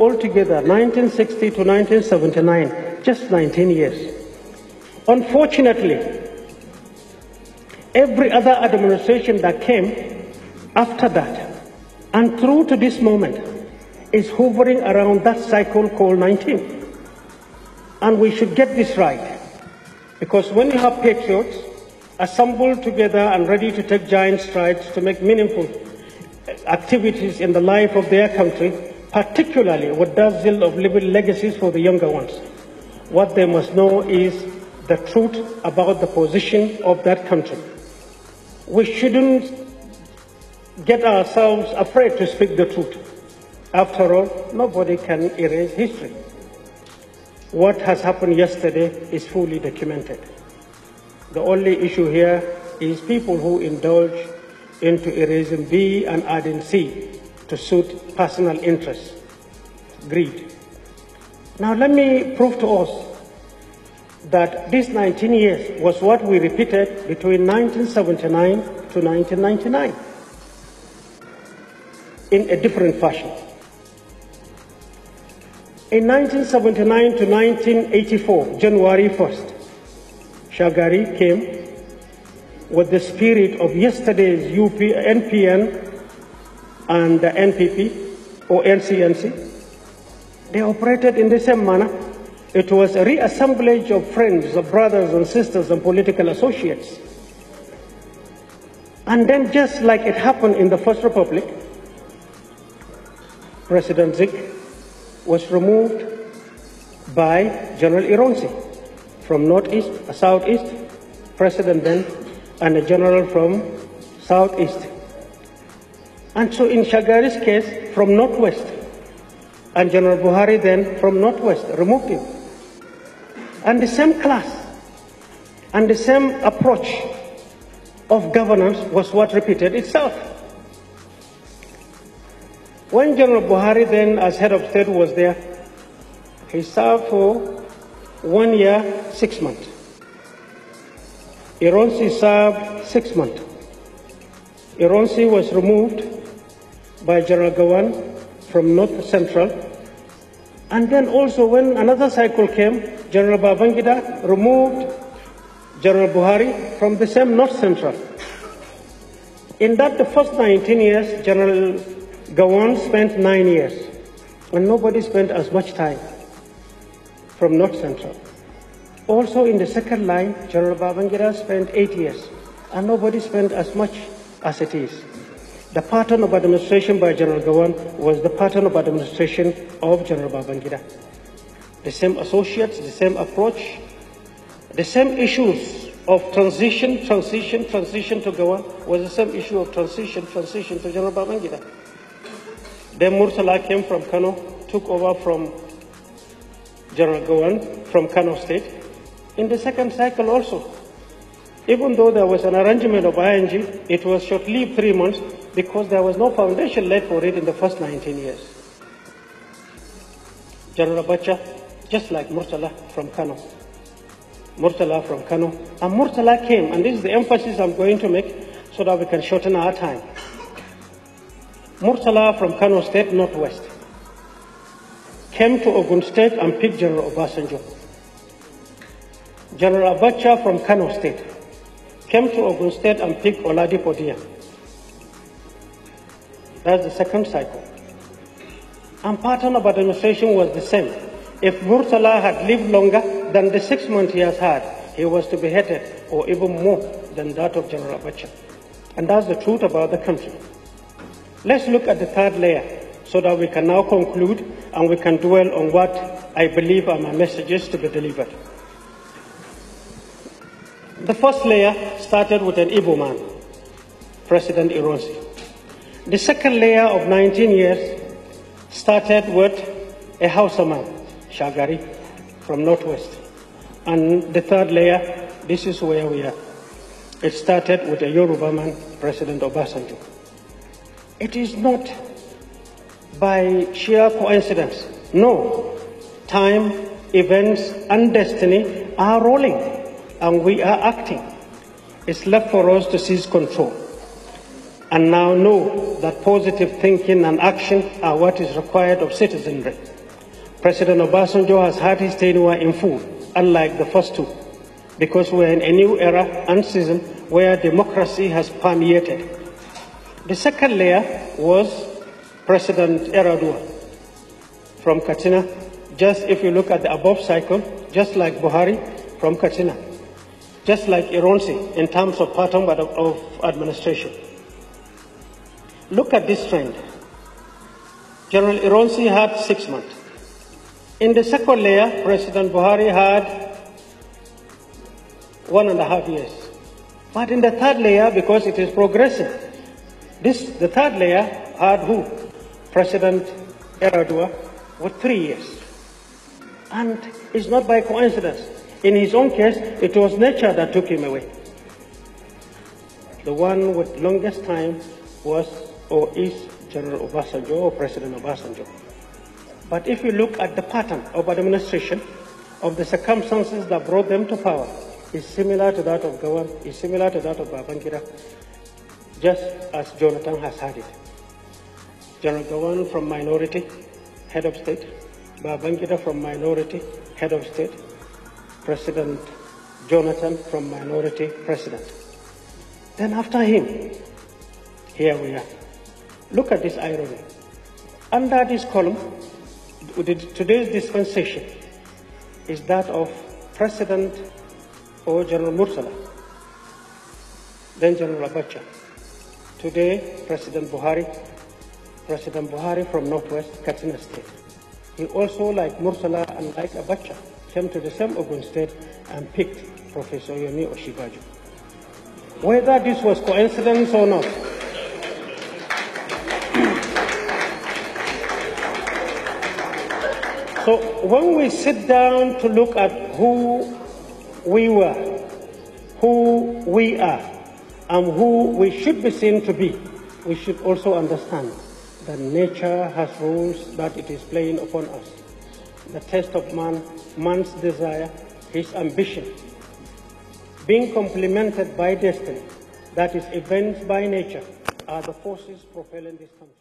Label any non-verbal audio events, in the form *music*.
Altogether, 1960 to 1979, just 19 years. Unfortunately, every other administration that came after that and through to this moment is hovering around that cycle called 19. And we should get this right. Because when you have patriots assembled together and ready to take giant strides to make meaningful activities in the life of their country, particularly with does zeal of leaving legacies for the younger ones. What they must know is the truth about the position of that country. We shouldn't get ourselves afraid to speak the truth. After all, nobody can erase history. What has happened yesterday is fully documented. The only issue here is people who indulge into erasing B and adding C to suit personal interests, greed. Now let me prove to us that this 19 years was what we repeated between 1979 to 1999 in a different fashion. In 1979 to 1984, January 1st, Shagari came with the spirit of yesterday's UP, NPN and the NPP or NCNC. They operated in the same manner. It was a reassemblage of friends, of brothers and sisters and political associates. And then just like it happened in the First Republic, President Zik was removed by General Ironsi from Northeast, Southeast, President then, and a general from Southeast. And so in Shagari's case, from northwest, and General Buhari then from northwest, removed him. And the same class and the same approach of governance was what repeated itself. When General Buhari then as head of state was there, he served for one year, six months. Ironsi served six months. Ironsi was removed by General Gawan from North Central. And then also when another cycle came, General Babangida removed General Buhari from the same North Central. In that the first 19 years, General Gawan spent nine years. And nobody spent as much time from North Central. Also in the second line, General Babangida spent eight years. And nobody spent as much as it is. The pattern of administration by General Gawan was the pattern of administration of General Babangida. The same associates, the same approach, the same issues of transition, transition, transition to Gawan was the same issue of transition, transition to General Babangida. Then Mursala came from Kano, took over from General Gawan from Kano State in the second cycle also. Even though there was an arrangement of ING, it was short-lived three months because there was no foundation laid for it in the first 19 years. General Bacha, just like Murtala from Kano. Murtala from Kano. And Murtala came, and this is the emphasis I'm going to make so that we can shorten our time. Murtala from Kano State, Northwest, came to Ogun State and picked General Obasanjo. General Abacha from Kano State came to Ogun State and picked Oladipo Dia. That's the second cycle. And pattern of administration was the same. If Murtala had lived longer than the six months he has had, he was to be hated, or even more than that of General Abacha. And that's the truth about the country. Let's look at the third layer so that we can now conclude and we can dwell on what I believe are my messages to be delivered. The first layer started with an Igbo man, President Erosi. The second layer of 19 years started with a Hausa man, Shagari, from Northwest. And the third layer, this is where we are. It started with a Yoruba man, President Obasanjo. It is not by sheer coincidence. No, time, events, and destiny are rolling and we are acting. It's left for us to seize control and now know that positive thinking and action are what is required of citizenry. President Obasanjo has had his tenure in full, unlike the first two, because we are in a new era and season where democracy has permeated. The second layer was President Eradu from Katsina. Just if you look at the above cycle, just like Buhari from Katsina just like Ironsi in terms of pattern of administration. Look at this trend. General Ironsi had six months. In the second layer, President Buhari had one and a half years. But in the third layer, because it is progressive, this the third layer had who? President Erdogan with three years. And it's not by coincidence. In his own case, it was nature that took him away. The one with longest time was or is General Obasanjo or President Obasanjo. But if you look at the pattern of administration, of the circumstances that brought them to power, is similar to that of Gawan, is similar to that of Babangida, just as Jonathan has had it. General Gawan from minority, head of state, Babangida from minority, head of state, President Jonathan from minority president. Then after him, here we are. Look at this irony. Under this column, today's dispensation is that of President or General Mursala, then General Abacha. Today, President Buhari, President Buhari from Northwest Katsina State. He also, like Mursala and like Abacha, came to the same Ogun State and picked Professor Yomi Oshibaju. Whether this was coincidence or not, *clears throat* so when we sit down to look at who we were, who we are, and who we should be seen to be, we should also understand that nature has rules that it is playing upon us the test of man, man's desire, his ambition. Being complemented by destiny, that is, events by nature, are the forces propelling this country.